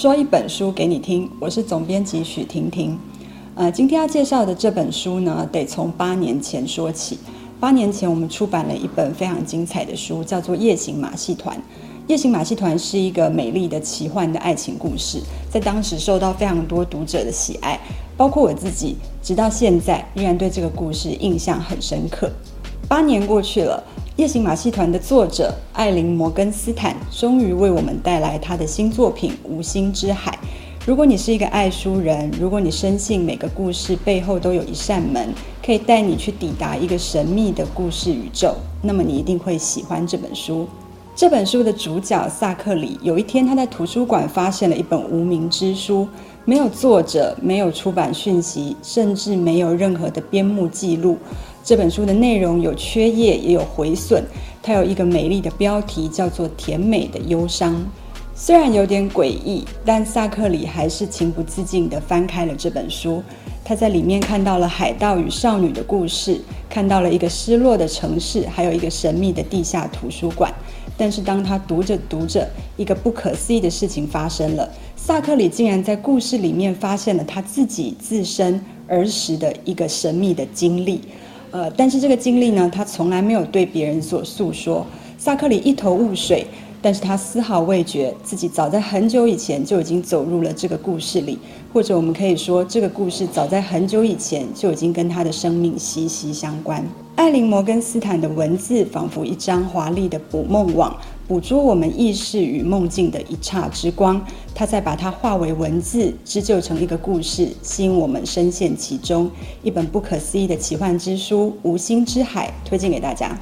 說一本書給你聽，我是總編輯許婷婷，呃，今天要介紹的這本書呢，得從八年前說起。八年前我們出版了一本非常精彩的書，叫做《夜行馬戲團》。《夜行馬戲團》是一個美麗的奇幻的愛情故事，在當時受到非常多讀者的喜愛，包括我自己，直到現在依然對這個故事印象很深刻。八年過去了。《夜行馬戲團》的作者艾琳·莫根斯坦終於為我們帶來她的新作品《無星之海》。如果你是一個愛書人，如果你深信每個故事背後都有一扇門，可以帶你去抵達一個神秘的故事宇宙，那麼你一定會喜歡這本書。這本書的主角薩克里有一天，他在圖書館發現了一本無名之書，沒有作者，沒有出版訊息，甚至沒有任何的編目記錄。這本書的內容有缺頁，也有毀損。它有一個美麗的標題，叫做《甜美的憂傷》，雖然有點詭異，但薩克里還是情不自禁地翻開了這本書。他在裡面看到了海盜與少女的故事，看到了一個失落的城市，還有一個神秘的地下圖書館。但是，當他讀着讀着，一個不可思議的事情發生了：薩克里竟然在故事裡面發現了他自己自身兒時的一個神秘的經歷。呃，但是這個經歷呢，他從來沒有對別人所訴說。薩克里一頭霧水，但是他絲毫未覺自己早在很久以前就已經走入了這個故事裡，或者我們可以說，這個故事早在很久以前就已經跟他的生命息息相關。艾琳·莫根斯坦的文字仿佛一張華麗的捕夢網。捕捉我們意識與夢境的一剎之光，她再把它化為文字，織就成一個故事，吸引我們深陷其中。一本不可思議的奇幻之書《無星之海》，推薦給大家。